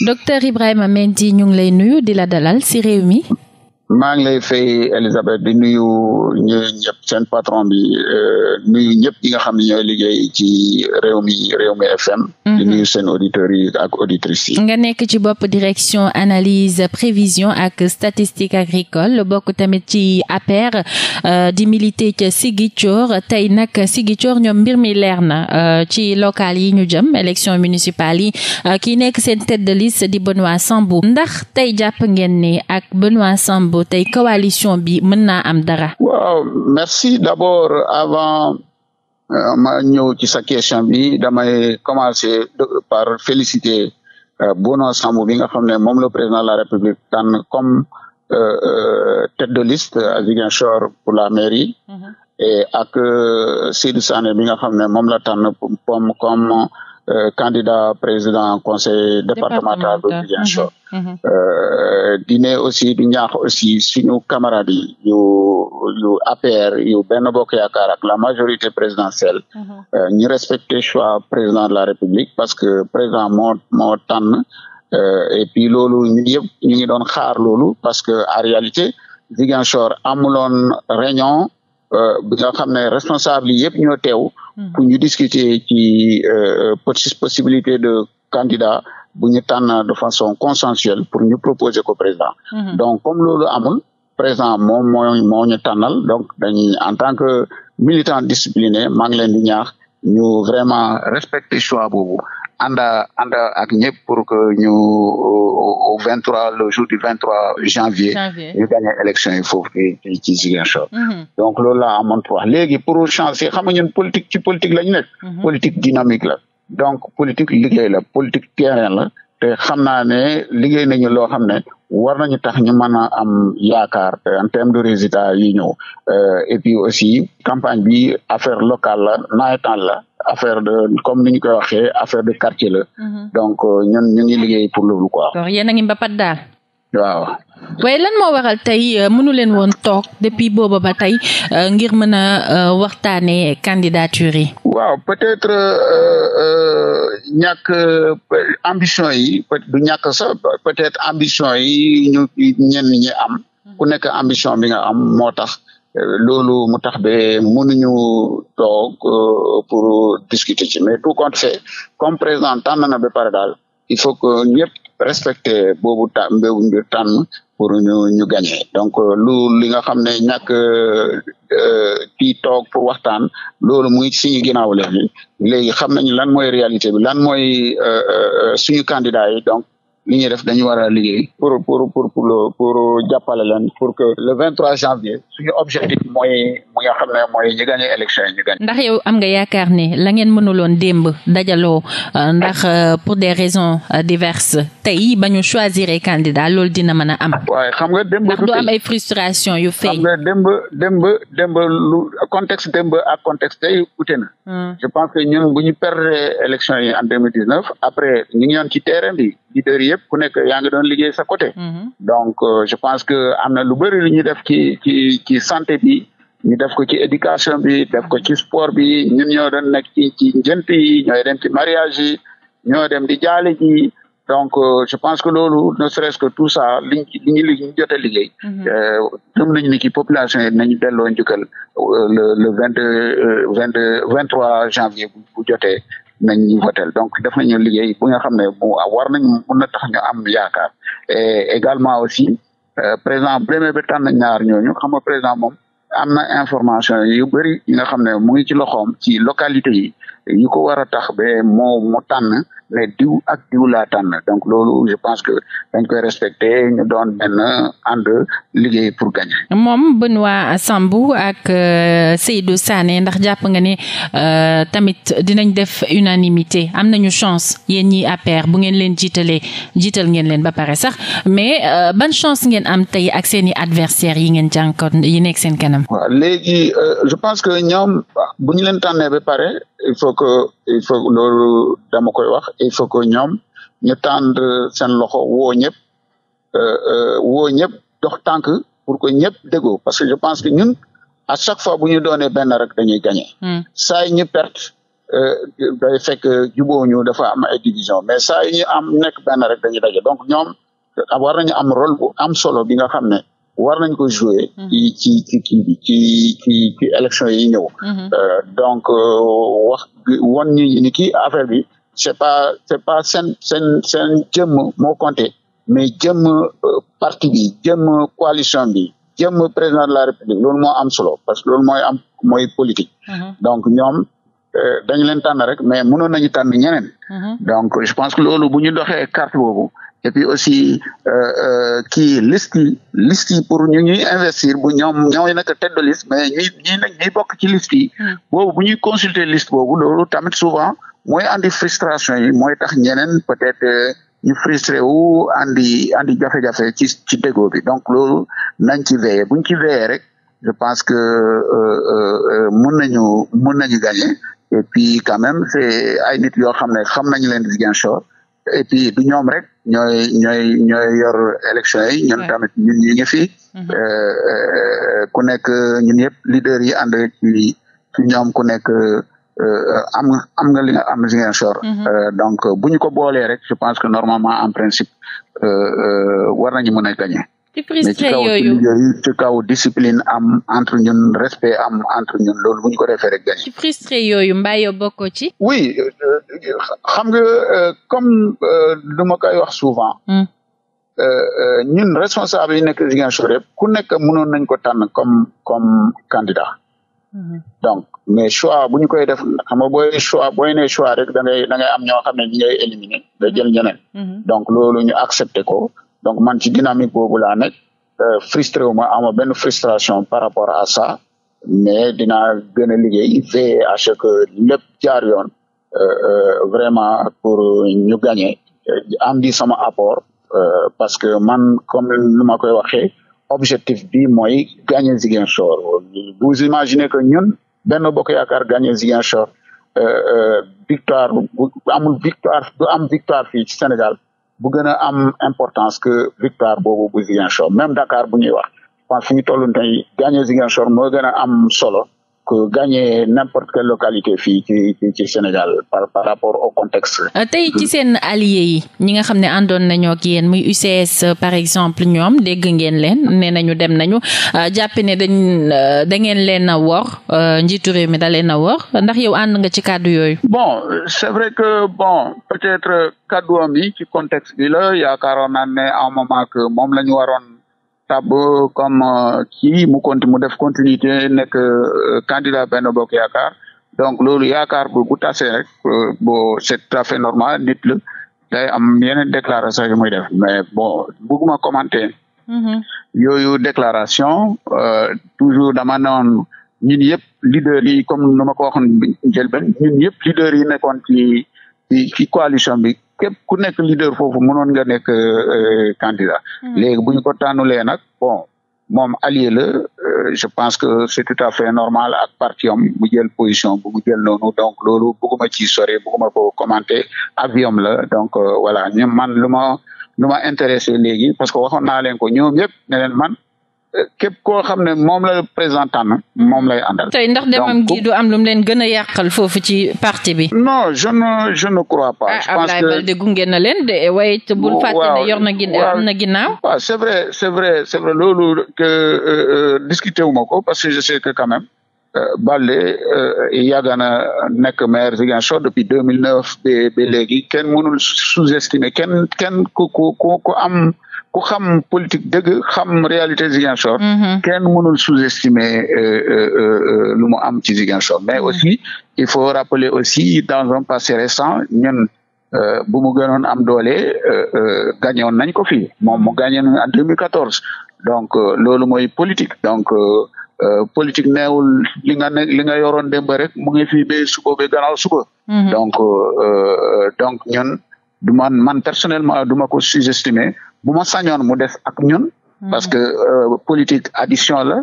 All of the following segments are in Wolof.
docteur Ibrahima Mendy ñu ngi lay nuyu di la dalal si réew mi. maa ngi lay fay Elisabeth di nuyu ñu seen patron bi euh, nuyu ñëpp nga xam ne liggéey ci réew mi FM. Mhm. di nuyu seen auditeurs ak auditrices nga nekk ci bopp direction analyse prévision ak statistique agricole bokk tamit ci APR euh, di milité ci Ziguinchor tey nag Ziguinchor ñoom mbir mi leer na euh, ci local yi ñu jëm élection municipale yi kii nekk seen tête de liste di Benoît Sambou ndax tey jàpp ngeen ne ak Benoît Sambou. Mabo tey coalition bi mën naa am dara. waaw merci d'abord avant euh, ma ñëw ci sa question bi damay commencer par féliciter euh, Bouna Sambou bi nga xam ne moom le président de la République tànn comme euh, tête de liste à Ziguinchor pour la mairie. Mhm. et ak Seydou Sané bi nga xam ne moom la tànn comme comme candidat président conseil départemental de Ziguinchor. Mm-hmm. Euh, di ne aussi di ñaax aussi suñu camarades yi yu yu APR yu Benno Bokk Yaakaar ak la majorité présidentielle. Mm-hmm. Euh, ñu respecter choix président de la République parce que président moo moo tànn euh, et puis loolu ñu yëpp ngi doon xaar loolu parce que en réalité Ziguinchor amuloon réunion. bi nga xam ne responsable yi yëpp ñoo teew. Mm-hmm. pour ñu discuter possibilité de candidat bu ñu tànn de façon consensuelle pour ñu proposer ko président. Mm -hmm. donc comme loolu amul président moom moo moo ñu tànnal donc dañuy en tant que militant discipliné maa ngi leen di ñu vraiment respecter choix boobu. ànda ànda ak ñëpp pour que ñu au vingt trois le jour du vingt trois janvier ñu gagné élection yi foofu ci ci mhm. donc loolu la amoon wax léegi pour changer xam nga ñun politique ci politique la ñu mhm. politique dynamique la donc politique liggéey la politique terrain la te xam naa ne liggéey nañu loo xam ne war nañu tax ñu mën a am yaakaar en terme de résultat yi ñëw euh, et puis aussi campagne bi affaire locale la nawetaan la affaire de comme ni ñu koy waxee affaire de quartier la. Mm-hmm. donc euh, ñun ñu ngi liggéey pour loolu quoi. yéen a ngi mbapat daal. waaw. waaye lan moo waral tey euh, mënu leen woon toog depuis booba ba tey ngir mën a waxtaanee candidature yi. waaw peut-être euh, euh, ñàkk euh, ambition yi du ñàkk sax peut-être ambition yi ñu ñenn ñi am ku nekk ambition bi nga am moo tax loolu mu tax ba mënuñu toog pour discuter mais tout compte fait comme président tànn na ba pare daal il faut que ñëpp respecter boobu ta boobu mbir tànn pour ñu ñu donc euh, lu li nga xam ne ñàkk euh, ci toog pour waxtaan loolu muy suñu ginnaaw léegi léegi xam nañu lan mooy réalité bi lan mooy euh, suñu candidat yi donc li ñuy def dañu war a liggéey pour pour pour pour pour jàppale leen pour que le 23 janvier suñu objectif mooy mu nga xam ne mooy ñu élection yi ñu ndax yow am nga yaakaar ne la ngeen mënuloon démb dajaloo euh, ndax euh, pour des raisons euh, diverse tey ba ñu choisir candidat loolu dina mën a am. waaye xam nga démb. ndax du am ay frustration yu feeñ. xam nga démb démb démb lu contexte ak contexte tey hmm. je pense que ñu perdre élection yi en 2019 après ñu ngi yoon ci terrain bi leader yëpp ku nekk yaa ngi doon liggéey sa côté. Mhm. donc euh, je pense que am na lu bëri lu ñu def ci ci ci santé bi. ñu def ko ci éducation bi def ko ci sport bi ñun ñoo doon nekk ci ci njënt yi ñooy dem ci mariage yi ñoo dem di jaale ji donc euh, je pense que loolu ne serait-ce que tout ça liñ li ñu li ñu jot a liggéey. Mhm. Euh, gëm nañu ni ki population yi nañu delloo njukkal le le janvier bu jotee nañ ñu votel donc def nañu liggéey bu nga xam ne bu war nañ mun na tax ñu am yaakaar et également aussi euh, président premier bi tànn ñaar ñooñu xam nga président moom am na information yu bëri yi nga xam ne mu ngi ci loxoom ci localité yi yi ko war a tax ba moo mu tànn ne diw ak donc loolu je pense que dañ koy respecter ñu doon benn ànd liggéey pour gagner. moom Benoît Sambou ak euh, Seydou Sané ndax jàpp nga ne euh, tamit dinañ def unanimité am nañu chance yéen ñi APR bu ngeen leen jiitalee jiital ngeen leen ba pare sax mais euh, ban chance ngeen am tey ak seen i adversaires yi ngeen jànkoon yi nekk seen kanam. waaw léegi je pense que ñoom leen tànnee ba pare que il faut loolu dama koy wax il faut que ñoom ñu tendre seen loxo woo ñëpp euh, euh, wo ñëpp dox tànk pour que ñëpp déggoo parce que je pense que ñun a chaque fois bu ñu doonee benn rek dañuy gagné. Hmm. saa yi ñu perte euh, day fekk jubóo ñu dafa am ay division mais saa yi am nekk benn rek dañuy daje donc ñoom war nañu am rôle am solo bi nga xam ne. war nañ ko jouer mhm. ci ci ci kii i ci ci yi ñëw mhm. euh, donc euh, wax won ñi ni kii affaire bi c'est pas c'est pas seen seen seen jëmm moo compté mais jëm euh, parti bi jëm coalition bi jëm président de la république loolu moo am parce que loolu mooy am moy politique mhm. donc ñoom dañ leen tànn rek mais mënoon nañu tànn ñeneen donc je pense que loolu bu ñu doxee carte boobu et puis aussi euh, euh, kii liste yi liste yi pour ñu ñuy investir bu ñoom ñooy nekk tête de liste mais ñuy ñuy bokk ci liste yi hmm. boobu bu ñuy consulter liste boobu loolu tamit souvent mooy andi fristration yi mooy tax ñeneen peut-être euh, ñu frustré wu andi andi jafe-jafe ci ci déggoo bi donc loolu nañ ci veillé buñ ci veillé rek je pense que mën nañu mën nañu gagner et puis quand même ay nit yoo xam ne xam nañu leen Ziguinchor et du ñoom rek ñooy ñooy ñooy yor élection yi ñun tamit ñun ñu ngi fi. Mhm. Euh, euh, ku nekk ñun yëpp leader yi ànd ci ñoom ku nekk euh, am nga am nga li nga am Ziguinchor. Mhm. donc bu ñu ko boolee rek je pense que normalement en principe war nañu mën a gagner. mais ci kaw yooyu ci kaw discipline am entre ñun respect am entre ñun loolu bu ñu ko defee rek gañ. ci frustré yooyu mbaa yow ci. oui euh, xam nga euh, comme euh, lu ma koy wax souvent. Hmm. ñun responsable yi nekk Ziguinchor yëpp ku nekk mënoon nañ ko tànn comme comme candidat. Hmm. donc mais choix bu koy def xam nga booy choix booy ne choix rek da ngay da am ñoo xam ne ñi éliminer nga jël ñeneen. Hmm. donc loolu ñu ko. donc man ci dynamique boobu laa nekk euh, frustré wu ma ama benn frustration par rapport à sa mais dinaa gën a liggéey veiller à que lépp jaar yoon euh, euh, vraiment pour ñu gagner andi sama apport parce que man comme nu ma koy waxee objectif bii mooy gagner Ziguinchor vous imaginez que ñun Benno Bokk Yaakaar gagner Ziguinchor victoire amul victoire du am victoire fii ci Sénégal bu gën a am importance que victoire boobu bu Ziguinchor même Dakar bu ñuy wax pense fi ñu toll tey gagné Ziguinchor moo gën a am solo gagner n'importe quelle localité fii ci ci Sénégal par par rapport au contexte. Euh, tey ci seen allié yi ñi nga xam ne àndoon nañoo muy UCS euh, par exemple ñoom dégg ngeen leen nee nañu dem nañu euh, jàpp ne dañ da ngeen leen a wor njiitu mi da leen a wor ndax yow ànd nga ci kàddu yooyu. bon c'est vrai que bon peut-être kàddu am yi ci contexte bi la yaakaaroon naa ne moment que moom la ñu tabb comme euh, kii mu mu def continuité nekk euh, candidat Benno Bokk Yaakaar donc loolu yaakaar bu bu tasee rek euh, bo c'est tout à normal nit la day am déclaration yu muy def mais bon bëgguma commenter mm-hmm. yooyu déclaration toujours dama noon ñun yëpp leader yi comme nu ma ko waxoon njëlbeen ñun yëpp leader yi nekkoon ci ci coalition bi képp ku nekk leader foofu mënoon nga nekk euh, candidat hmm. léegi bu ñu ko tànnulee nag bon moom allié la euh, je pense que c'est tout à fait normal ak parti am jël position bu mu jël noonu donc loolu bëgguma ci sori bëgguma ko commenter avion la donc euh, voilà ñu man lu ma lu ma intéressé léegi parce que waxoon naa leen ko ñoom yëpp ne man képp koo xam ne moom la présentant moom lay àndal. tey ndax demam gi du am lu mu leen gën a yàqal foofu ci parti bi. non je ne je ne crois pas. Ah, je pense que Abdoulaye Baldé gunge na leen de eh, waaye te bul fàtte ne yor na ginnaaw am na ginnaaw. waaw c'est vrai c'est vrai c'est vrai que euh, euh, discuter wu ma ko parce que je sais que quand même. Baldé euh, yàgg na nekk maire Ziguinchor depuis deux mille neuf ba ba mm. léegi kenn mënul sous-estimer kenn kenn ku ku ku am ku xam politique dëgg xam réalité Ziguinchor. Mm-hmm. kenn mënul sous-estimer euh, euh, lu mu am ci Ziguinchor mais mm-hmm. aussi il faut rappeler aussi dans un passé récent ñun bu mu gënoon am doole gagnoon nañ ko fii moom mu en deux mille quatorze donc loolu mooy politique donc. Euh, politique neewul li nga ne li nga yoroon démb rek mu ngi fii ba suba ba gannaaw suba. Mhm. donc euh, euh, donc ñun man man personnellement du ma ko sous-estimer bu ma sañoon mu def ak ñun. Mhm. parce que politique addition la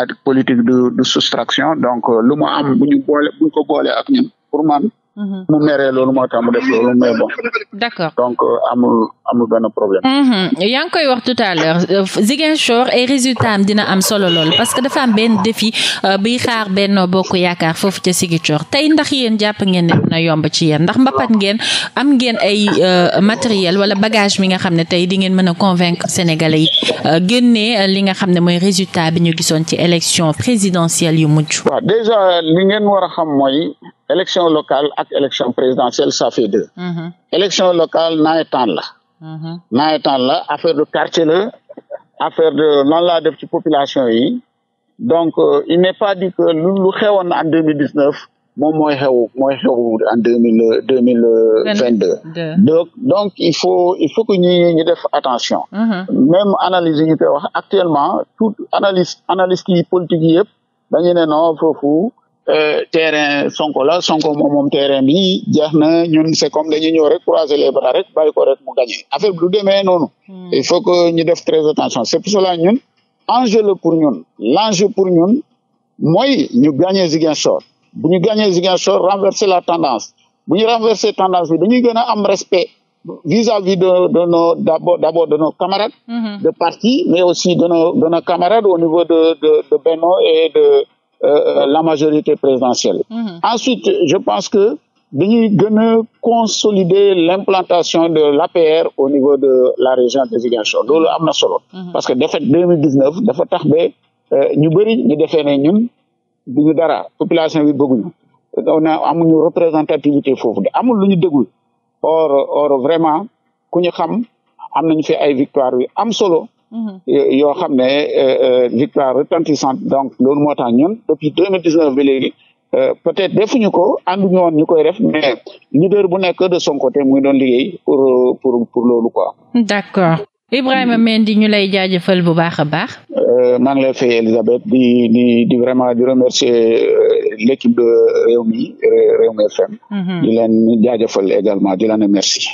ak politique de de donc lu mu am bu ñu boole bu ko boole ak ñun pour man. Mm-hmm. mu meree loolu moo tax mu def loolu mais bon. d'accord donc amul amul benn problème. Mm-hmm. yaa ngi koy wax tout à l'heure euh, Ziguinchor ay résultat am dina am solo lool parce que dafa am benn défi euh, biy xaar Benno Bokk Yaakaar foofu ca Ziguinchor tey ndax yéen jàpp ngeen ne dina yomb ci yéen ndax mbapat ngeen am ngeen ay euh, matériel wala bagage mi nga xam ne tey di ngeen mën a convaincre Sénégalais yi génnee li nga xam ne mooy résultat bi gisoon ci élection présidentielle yu mujj. waaw déjà li ngeen war élection locale ak élection présidentielle ça fait deux. Mmh. élection locale nawetaan la. Mm-hmm. nawetaan la affaire de quartier la affaire de nan laa def ci population yi donc euh, il n'est pas dit que lu lu en deux mille moom mooy xew mooy xew en deux donc donc il faut que ñi def attention. Mm-hmm. même analyse yi ñu koy wax actuellement tout analyse analyse yi politique yëpp dañu ne non Euh, terrain Sonko la Sonko moom moom terrain bi jeex na ñun c'est comme dañuy ñëw rek croiser les bras rek bàyyi ko rek mu gagné affaire bi du demee noonu. Hmm. il faut ñu def très attention c'est cela ñun enjeu la pour ñun l'enjeu pour ñun mooy ñu gagné Ziguinchor bu ñu gagné Ziguinchor renverser la tendance bu ñu renverser tendance bi dañuy gën a am respect vis-à-vis de de d'abord de nos camarades. Hmm. de parti mais aussi de nos de au niveau de Benno et de. Euh, euh, la majorité présidentielle. Mmh. Ensuite, je pense que dañuy gën a consolider l'implantation de l'APR au niveau de la région de Ziguinchor loolu am na solo. Mm-hmm. parce que défaite 2019 dafa tax ba euh, ñu bëri ñu defee ne ñun duñu dara population bi bëgguñu on a amuñu représentativité foofu de amul lu ñu déglu or or vraiment ku ñu xam am nañu fi ay victoire yu am solo. Mm-hmm. yoo xam ne euh, euh, victoire retentissante donc loolu moo tax ñun depuis deux mille dix neuf bi léegi euh, peut-être defuñu ko ànduñu woon ñu koy def mais leader bu nekk de son côté muy doon liggéey pour pour pour loolu quoi. d'accord a mm-hmm. Mendy ñu lay jaajëfal bu baax a baax. maa ngi lay fay Elisabeth di di di vraiment di remercier l'équipe de Rewmi Rewmi FM. Mm-hmm. di leen jaajëfal également di leen merci.